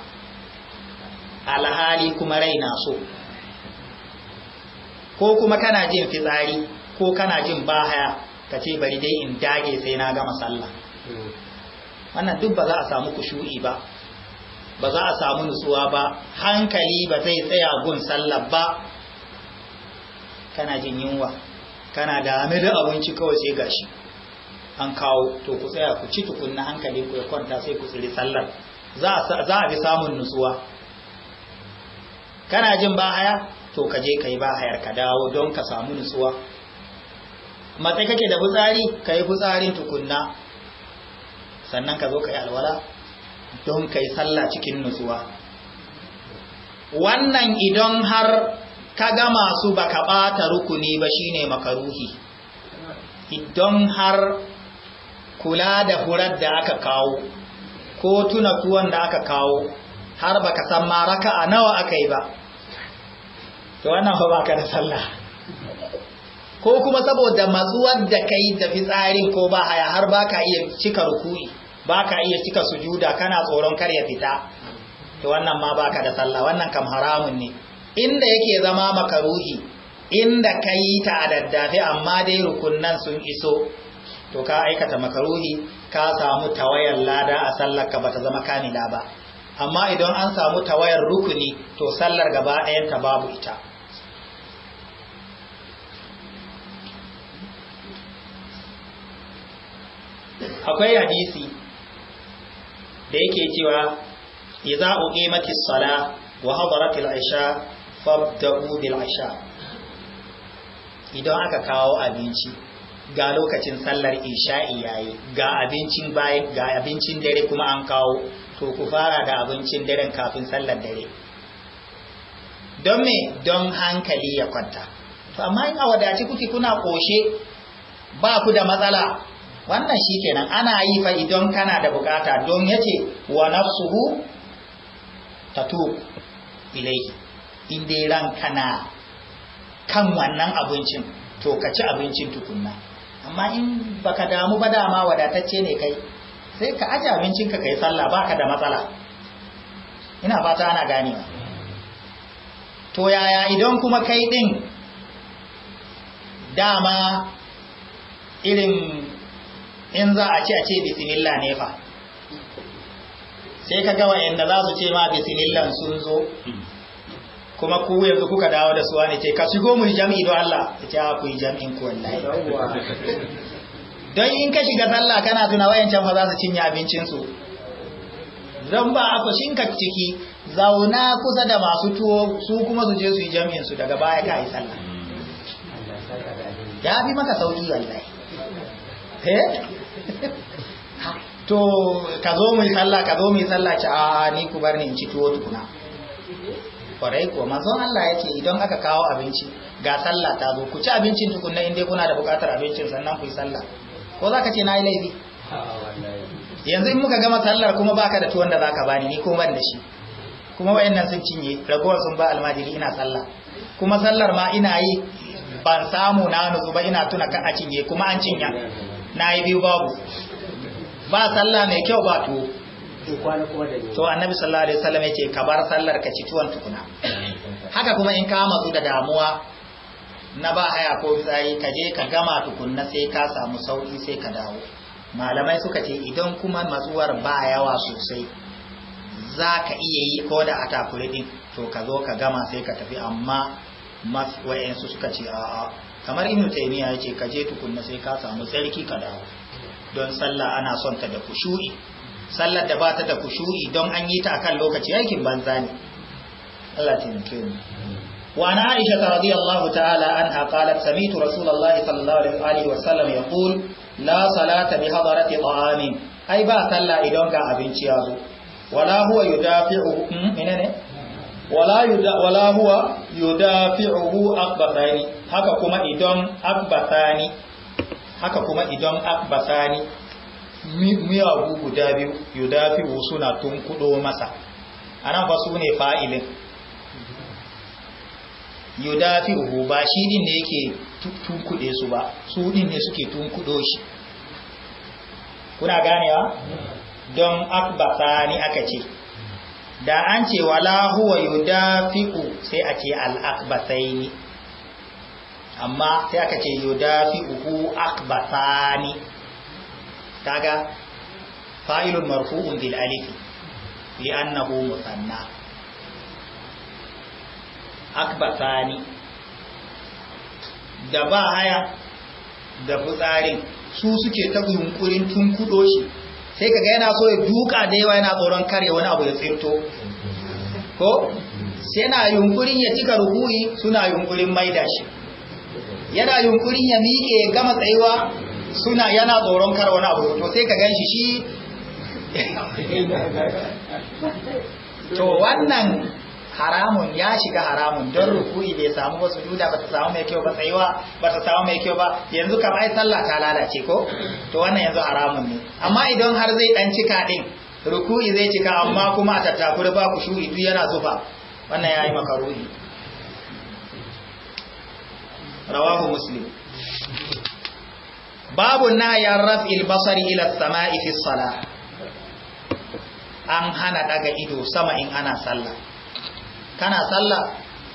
alhali kuma rai na so ko kuma kana jin fitsari ko kana jin bahaya ka ce bari dai in dage sai na gama sallah wannan duk ba za a samu kushu'i ba ba za a samu nutsuwa ba hankali ba zai tsaya gun sallah ba kana jin yunwa kana da abinci kawai sai gashi an kawo to ku tsaya ku ci tukunna hankalin ku ya kwanta sai ku tsiri sallar za a fi samun nutsuwa kana jin ba haya to ka je ka yi ba hayar ka dawo don ka samu nutsuwa matsayi kake da fitsari ka yi fitsarin tukunna sannan ka zo ka yi alwala don ka yi sallah cikin nutsuwa wannan idan har ka ga masu baka ɓata rukuni ba shine makaruhi idan har kula da hurar da aka kawo ko tuna kuwan da aka kawo har baka san maraka a nawa aka yi ba to wannan fa baka da sallah ko kuma saboda matsuwar da kai da fitsarin ko ba haya har baka iya cika ruku'i baka iya cika sujuda kana tsoron kar ya fita to wannan ma baka da sallah wannan kam haramun ne inda yake zama makaruhi inda kai ta a daddafe amma dai rukunnan sun iso to ka aikata makaruhi ka samu tawayar lada a sallar ka bata zama kamila ba amma idan an samu tawayar rukuni to sallar gaba ɗayan ta babu ita akwai hadisi da yake cewa idza uqimatis sala wa hadaratil isha fabda'u bil isha idan aka kawo abinci ga lokacin sallar isha'i yayi ga abincin bayi ga abincin dare kuma an kawo to ku fara da abincin daren kafin sallar dare don me don hankali ya kwanta to amma in a wadaci kuke kuna koshe ba ku da matsala wannan shikenan ana yi fa idan kana da bukata don yace wa nafsuhu tatu ilai in dai ran kana kan wannan abincin to ka ci abincin tukunna amma in baka damu ba dama wadatacce ne kai sai ka aje abincinka kai sallah baka da matsala ina fata ana ganewa to yaya idan kuma kai din dama irin in za a ci a ce bisimilla ne fa sai ka gawa wayanda za su ce ma bismillah sun zo kuma ku yanzu kuka dawo da suwa ne ce ka shigo mu jami'i don Allah ya ce ku yi jami'in ku wallahi don in ka shiga sallah kana tuna wayancan fa za su cinye abincin su don ba a ka ciki zauna kusa da masu tuwo su kuma su je su yi jami'in su daga baya ka yi sallah ya fi maka sauki wallahi eh? to ka zo mu yi sallah ka zo mu yi sallah ci a ni ku bar ni in ci tuwo tukuna kwarai ko manzon Allah ya ce idan aka kawo abinci ga sallah ta zo ku ci abincin tukunna in dai kuna da bukatar abincin sannan ku yi sallah ko za ce na yi laifi yanzu in muka gama sallar kuma baka da tuwon da za ka bani ni ko ban da shi kuma wayannan sun cinye ragowar sun ba almajiri ina sallah kuma sallar ma ina yi ban samu na nutsu ba ina tuna ka a cinye kuma an cinya na yi biyu babu ba sallah mai kyau ba tuwo to annabi sallallahu alaihi wasallam yake ka bar sallar ka ci tuwon tukuna haka kuma in ka matsu da damuwa na ba haya ko fitsari ka je ka gama tukunna sai ka samu sauki sai ka dawo malamai suka ce idan kuma matsuwar ba yawa sosai za ka iya yi ko da a takure din to ka zo ka gama sai ka tafi amma wayansu suka ce a'a kamar ibnu taymiya yace ka je tukunna sai ka samu tsarki ka dawo don sallah ana son ta da kushu'i sallar da ba ta da kushu'i don an yi ta a kan lokaci aikin banza ne Allah taimake mu wa ana Aisha radiyallahu ta'ala anha qalat sami'tu Rasulullahi sallallahu alaihi wa sallam yaqul la salata bi hadarati ta'amin ai ba sallah idan ga abinci ya zo wala huwa yudafi'u hmm, menene wala yuda wala huwa yudafi'uhu akbatani haka kuma idan akbatani haka kuma idan akbatani miyagu guda biyu yudafi suna tun kudo masa anan fa su ne fa'ilin yudafi uhu ba shi din ne yake tun su ba su din ne suke tun kudo shi kuna ganewa don akbata ni aka ce da an ce wala huwa uku sai a ce al'akbataini amma sai aka ce yudafi'uhu akbatani kaga fa'ilun marfu'un bil alif li'annahu musanna akbatani da ba haya da fitsarin su suke ta yunkurin tunkudo shi sai kaga yana so ya duka da yawa yana tsoron kare wani abu ya tsirto ko sai yana yunkurin ya cika rubuyi suna yunkurin maida shi yana yunkurin ya miƙe gama tsayuwa suna yana tsoron kar wani abu to sai ka gan shi to wannan haramun ya shiga haramun don ruku'i bai samu ba sujuda ba ta samu mai kyau ba tsayuwa ba ta samu mai kyau ba yanzu kamar ai sallah ta lalace ko to wannan yanzu haramun ne amma idan har zai dan cika din ruku'i zai cika amma kuma a tattakuri ba ku shuri duk yana zufa wannan yayi makaruhi rawahu muslim babu nayan rafi basari ila sama'i fi an hana daga ido sama in ana sallah kana sallah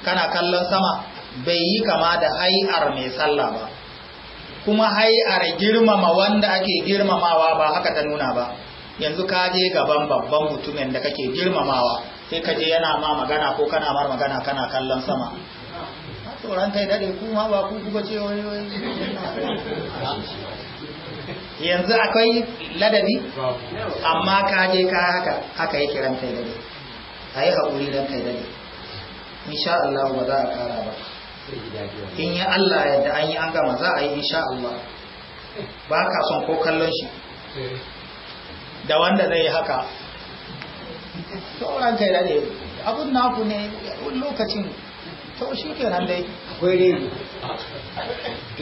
kana kallon sama bai yi kama da hai'ar mai sallah ba kuma hai'ar girmama wanda ake girmamawa ba haka ta nuna ba yanzu ka je gaban babban mutumin da kake girmamawa sai ka je yana ma magana ko kana mar magana kana kallon sama to akwai ladabi amma ka je haka haka yake ayi hakuri Allah ya an gama za yi insha Allah ba ka son ko kallon shi da wanda zai yi haka sauran kai da abun naku ne lokacin to shi kenan dai akwai rege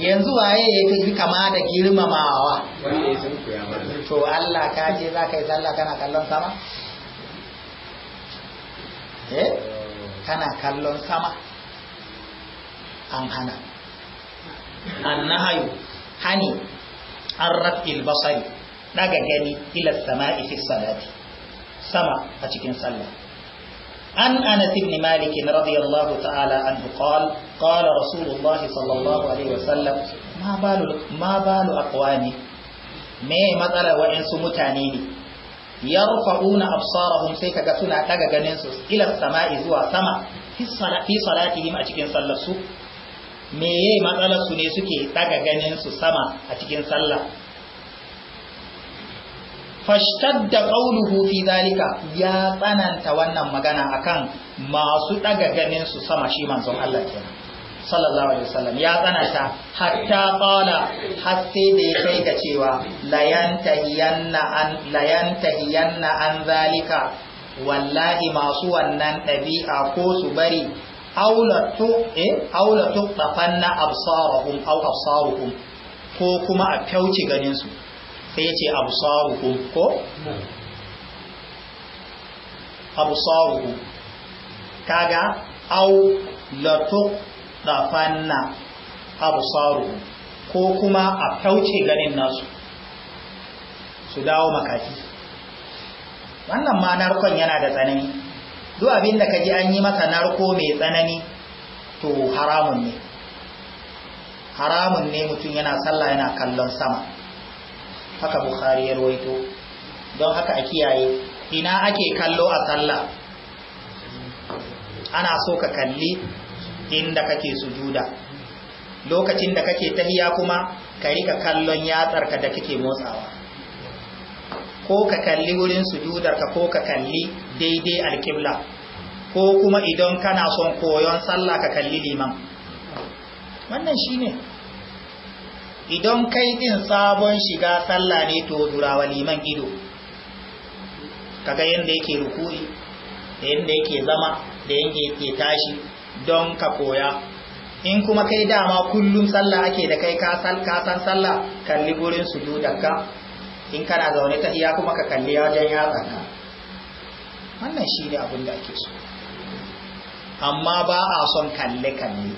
yanzu waye ya fi kama da girmamawa to Allah ka je za ka yi sallah kana kallon sama eh kana kallon sama an hana an nahayu hani an rafil basari daga gani ila sama fi salati sama a cikin sallah عن أنس بن مالك رضي الله تعالى عنه قال قال رسول الله صلى الله عليه وسلم ما بال ما بال أقوام me matsalar waɗansu mutane ne yarfa'una absarahum sai kaga suna daga ganin su ila sama'i zuwa sama fi salatihim a cikin sallar su me yayi matsalar su ne suke daga ganin su sama a cikin sallah fashtadda qawluhu fi zalika ya tsananta wannan magana akan masu daga ganin su sama shi manzon Allah kenan sallallahu alaihi wasallam ya tsananta hatta qala har sai da ya kai ga cewa la yantahiyanna an an zalika wallahi masu wannan dabi'a ko su bari aulatu eh aulatu tafanna absarahum aw absaruhum ko kuma a kyauci ganin su sai ya ce absaruhum ko Abu absaruhum kaga au abu absaruhum ko kuma a kauce ganin nasu su dawo makaki wannan ma narkon yana da tsanani duk abin da kaji an yi masa narko mai tsanani to haramun ne haramun ne mutum yana sallah yana kallon sama haka bukhari ya ruwaito don haka a kiyaye ina ake kallo a sallah ana so ka kalli inda kake sujuda lokacin da kake tahiya kuma ka rika kallon yatsarka da kake motsawa ko ka kalli wurin sujudarka ko ka kalli daidai alkibla ko kuma idan kana son koyon sallah ka kalli liman wannan shine ne idan kai din sabon shiga tsalla ne to durawa liman ido kaga yadda yake rukuri da yadda yake zama da yadda yake tashi don ka koya in kuma kai dama kullum tsalla ake da kai ka san tsalla kalli gurin su dudanka in kana zaune ta iya kuma ka kalli wajen yatsanka wannan shi ne abinda ake so amma ba a son kalle-kalle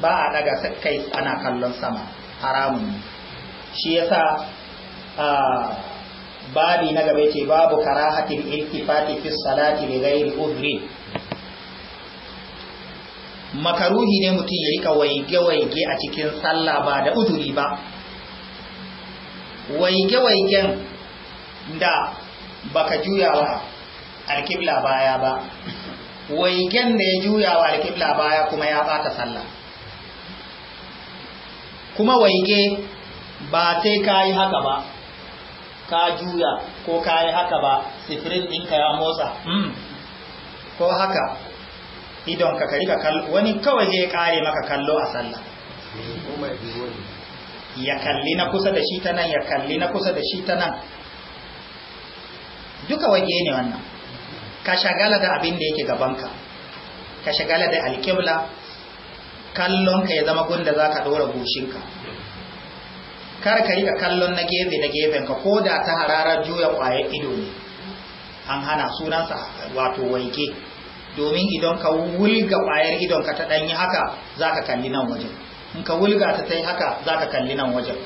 ba a daga kai ana kallon sama haramun shi yasa babi na gaba yake babu karahatin iltifati fi salati li ghairi udhri makaruhi ne mutum ya rika waige-waige a cikin sallah ba da uduri ba waige-waigen da baka wa alkibla baya ba waigen da ya juyawa alkibla baya kuma ya bata sallah kuma waige ba ta ka yi haka ba ka juya ko ka haka ba sifirin ɗinka ya motsa hmm. ko haka idon ka kari ka kallo wani kawai zai kare maka kallo a sallah ya kalli na kusa da shi ta nan ya kalli na kusa da shi ta nan duka waje ne wannan ka shagala da abin da yake gabanka ka shagala da alƙibla kallon ka ya zama gunda za ka ɗora goshinka kar ka yi ka kallon na gefe da gefen ka ko da ta hararar juya ƙwayar ido ne an hana sunansa wato waike domin idan ka wulga kwayar idon ka ta ɗanyi haka za ka kalli nan wajen in ka wulga ta tai haka za ka kalli nan wajen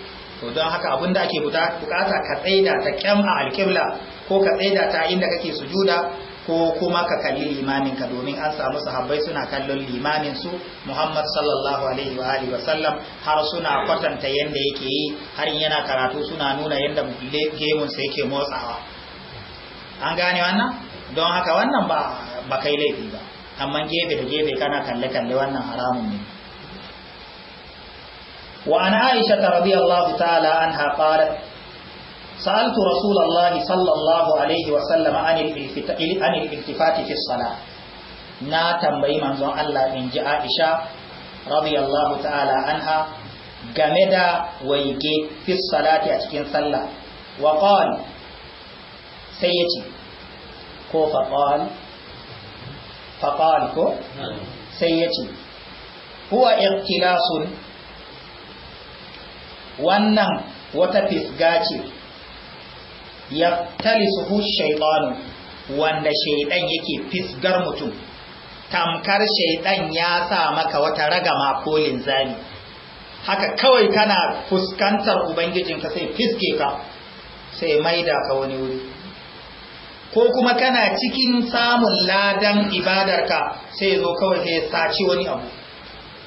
to don haka abin da ake bukata ka tsaida ta kyam a alkibla ko ka tsaida ta inda kake sujuda ko kuma ka kalli limamin ka domin an samu sahabbai suna kallon limamin su Muhammad sallallahu alaihi wa alihi wasallam har suna kwatanta yanda yake yi har yana karatu suna nuna yanda gemun sa yake motsawa an gane wannan don haka wannan ba ba kai laifi ba amma gefe da gefe kana kalle kalle wannan haramun ne wa ana aisha radiyallahu ta'ala anha qalat سألت رسول الله صلى الله عليه وسلم عن الالتفات في الصلاة na tambayi manzon Allah in ji Aisha radiyallahu ta'ala anha game da waige fi salati a cikin salla, wa qala sai yace ko fa qala fa qala wannan wata fisga ce yaqtalisuhu shaytanu wanda Shaitan yake fisgar mutum tamkar shaidan ya sa maka wata ragama ko linzami haka kawai kana fuskantar ubangijinka sai fiske ka sai maida ka wani wuri ko kuma kana cikin samun ladan ibadarka sai zo kawai sai saci wani abu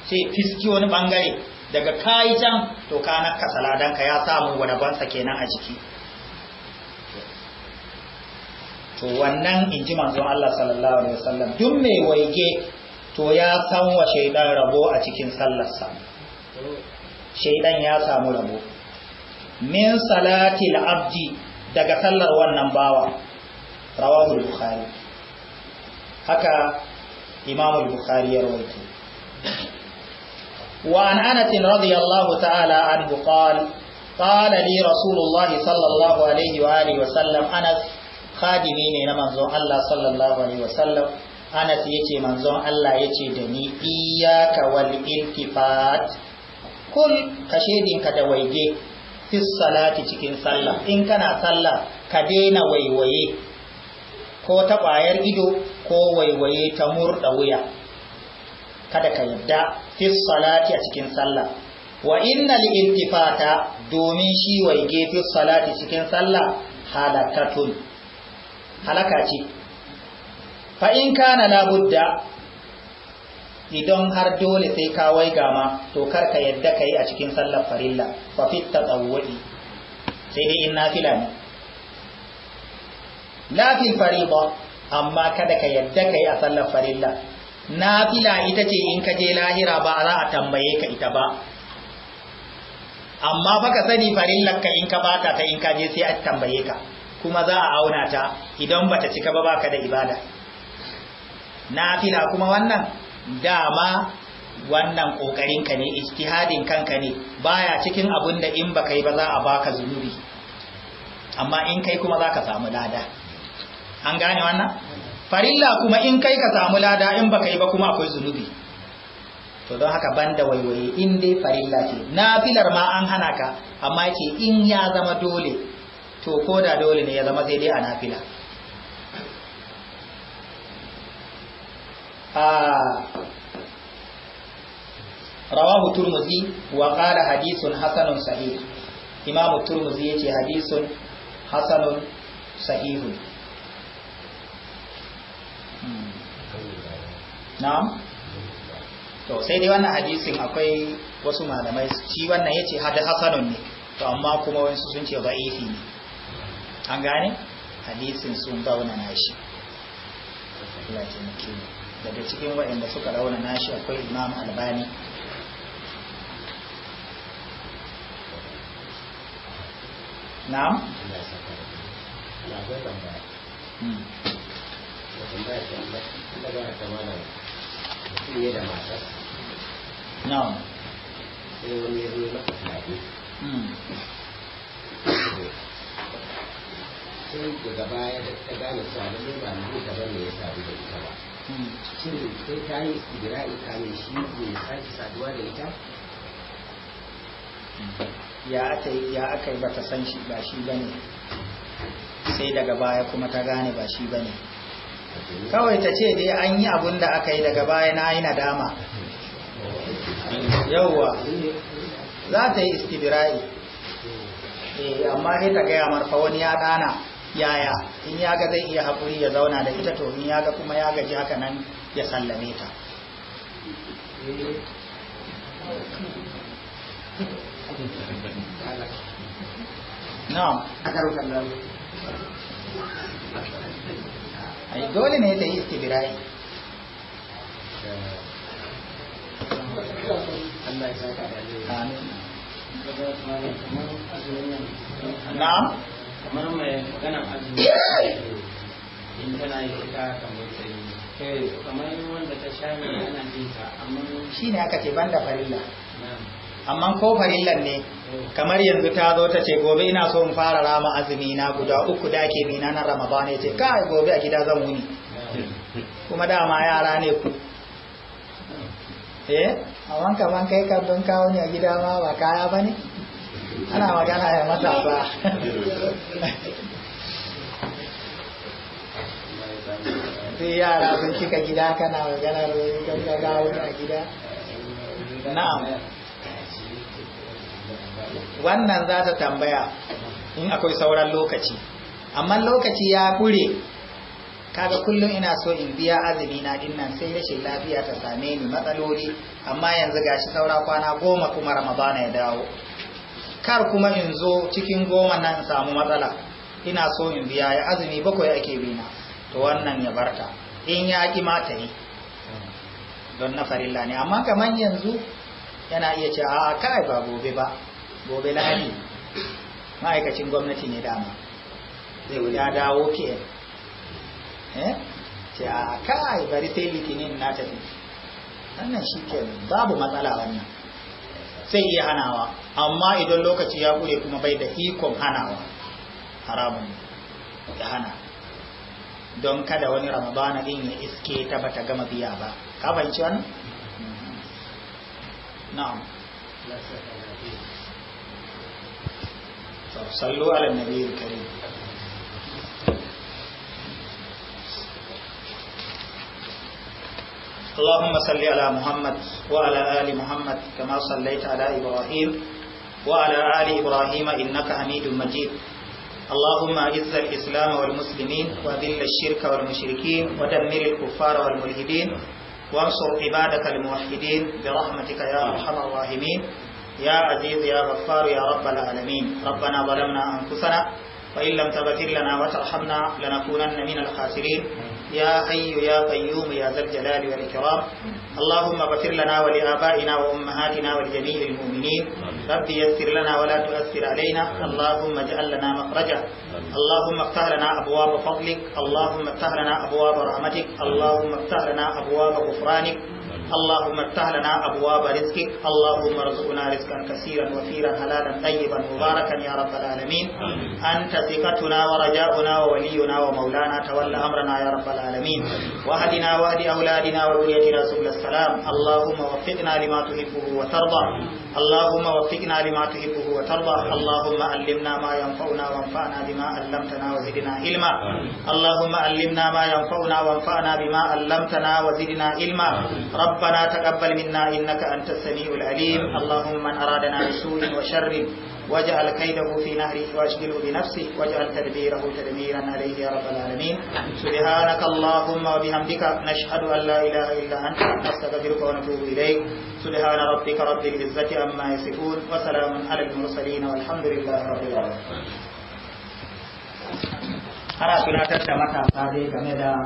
sai fiski wani bangare daga kayi can to kana kasa ladanka ya samu bansa kenan a jiki to wannan in ji manzon Allah sallallahu alaihi wasallam duk mai waige to ya san wa shaidan rabo a cikin sallarsa shaidan ya samu rabo min salati salatil abdi daga sallar wannan bawa rawahul bukhari haka imam al-bukhari ya rawaito wa an anas radiyallahu ta'ala anhu qala qala li rasulullah sallallahu alaihi wa alihi wa sallam anas khadimi ne na manzon Allah sallallahu alaihi wasallam Anas yace manzon Allah yace da ni iyyaka wal iltifat kul kashedin ka da waige fi salati cikin sallah in kana sallah ka daina waiwaye ko ta ƙwayar ido ko waiwaye ta murda wuya kada ka yadda fi salati a cikin sallah wa li iltifata domin shi waige fi salati cikin sallah halakatun halaka ce fa'in kana labudda idan har dole sai ka wai ma to karka yadda ka yi a cikin sallar farilla fa fitta tsawwaɗi sai dai in fila ne fi fariba amma kada ka yadda ka yi a sallar farilla fila ita ce in ka je lahira ba za a tambaye ka ita ba amma fa ka sani farillar ka in ka bata ta in ka je sai a tambaye ka kuma za a auna ta idan bata cika ba baka da ibada Na fila kuma wannan dama wannan kokarinka ne ijtihadin kanka ne baya cikin abun da in baka yi ba za a baka zunubi amma in kai kuma zaka samu lada an gane wannan farilla kuma in kai ka samu lada in baka yi ba kuma akwai zunubi to don haka banda waiwaye in dai farilla ce nafilar ma an hana ka amma ce in ya zama dole to ko da dole ne ya zama sai dai a nafila rawahu turmuzi wa qala hadithun hasanun sahih imamu turmuzi yace hadithun hasanun sahihun na'am to sai dai wannan hadisin akwai wasu malamai shi wannan yace hada hasanun ne to amma kuma wasu sun ce ba'ifi ne an gane hadisin sun raunana shi daga cikin waɗanda suka raunana nashi akwai imam albani na'am na'am sai daga baya da ta gane cewa sai ba mu gaba ne ya sadu da ita ba hmm. shin sai ta yi istigra'i kamin shi ne ya sake saduwa da ita hmm. ya aka yi ya aka yi bata san shi ba shi bane sai daga baya kuma ta gane ba shi bane kawai ta ce dai an yi abun da aka yi daga baya na yi nadama yauwa za ta yi istibirai eh, amma sai ta gaya marfa wani ya dana yaya in ya ga zai iya haƙuri ya zauna da ita to in ya ga kuma ya gaji haka nan ya sallame ta na'am ai dole ne ta yi istibirai Allah ya saka da na'am kamar mai magana azumi in tana yi ta kamar tsayi kamar wanda ta sha ne ana jin ta amma shi ne aka ce banda farilla amma ko farillan ne eh. kamar yanzu ta zo ta ce gobe ina so in fara rama azumi na guda uku da ke bina na ramadan ya ce kai gobe a gida zan wuni kuma dama yara ne ku eh a wanka ban kai ka don kawo ne a gida ma ba kaya ba ne ana magana ya matasa sai yara sun cika gida kana maganar ganga dawo a gida na'am wannan za ta tambaya in akwai sauran lokaci amma lokaci ya kure kaga kullum ina so in biya azumi na dinnan sai rashin lafiya ta same ni matsaloli amma yanzu gashi saura kwana goma kuma ramadana ya dawo kar kuma in zo cikin goma nan samu matsala ina so in biya ya azumi bakwai ake bina to wannan ya barta in ya ki mata ne don na farilla ne amma kamar yanzu yana iya ce a kai ba gobe ba gobe lahani ma'aikacin gwamnati ne dama Zai ya dawo ke eh ce a kai bari sai litinin na tafi wannan shi ke babu matsala wannan sai iya hanawa amma idan lokaci ya bude kuma bai da ikon hanawa haramun ya hana don kada wani ramadana din ya iske ta bata gama biya ba ka fahimci wannan na'am sallu ala nabiyil karim اللهم صل على محمد وعلى آل محمد كما صليت على إبراهيم وعلى آل إبراهيم إنك حميد مجيد اللهم أعز الإسلام والمسلمين وذل الشرك والمشركين ودمر الكفار والملحدين وانصر عبادك الموحدين برحمتك يا أرحم الراحمين يا عزيز يا غفار يا رب العالمين ربنا ظلمنا أنفسنا وإن لم تغفر لنا وترحمنا لنكونن من الخاسرين يا حي يا قيوم يا ذا الجلال والإكرام اللهم اغفر لنا ولآبائنا وأمهاتنا ولجميع المؤمنين رب يسر لنا ولا تؤثر علينا اللهم اجعل لنا مخرجا اللهم افتح لنا أبواب فضلك اللهم افتح لنا أبواب رحمتك اللهم افتح لنا أبواب غفرانك اللهم افتح لنا أبواب رزقك اللهم ارزقنا رزقا كثيرا وفيرا حلالا طيبا مباركا يا رب العالمين أنت ثقتنا ورجاؤنا وولينا ومولانا تولى أمرنا يا رب العالمين واهدنا واهد أولادنا وذريتنا سبل السلام اللهم وفقنا لما تحبه وترضى اللهم وفقنا لما تحبه وترضى اللهم علمنا ما ينفعنا وانفعنا بما علمتنا وزدنا علما اللهم علمنا ما ينفعنا وانفعنا بما علمتنا وزدنا علما رب ربنا تقبل منا إنك أنت السميع العليم اللهم من أرادنا بسوء وشر واجعل كيده في نهره واشغله بنفسه واجعل تدبيره تدميرا عليه يا رب العالمين سبحانك اللهم وبحمدك نشهد أن لا إله إلا أنت نستغفرك ونتوب إليك سبحان ربك رب العزة عما يصفون وسلام على المرسلين والحمد لله رب العالمين أنا tunatar da matasa dai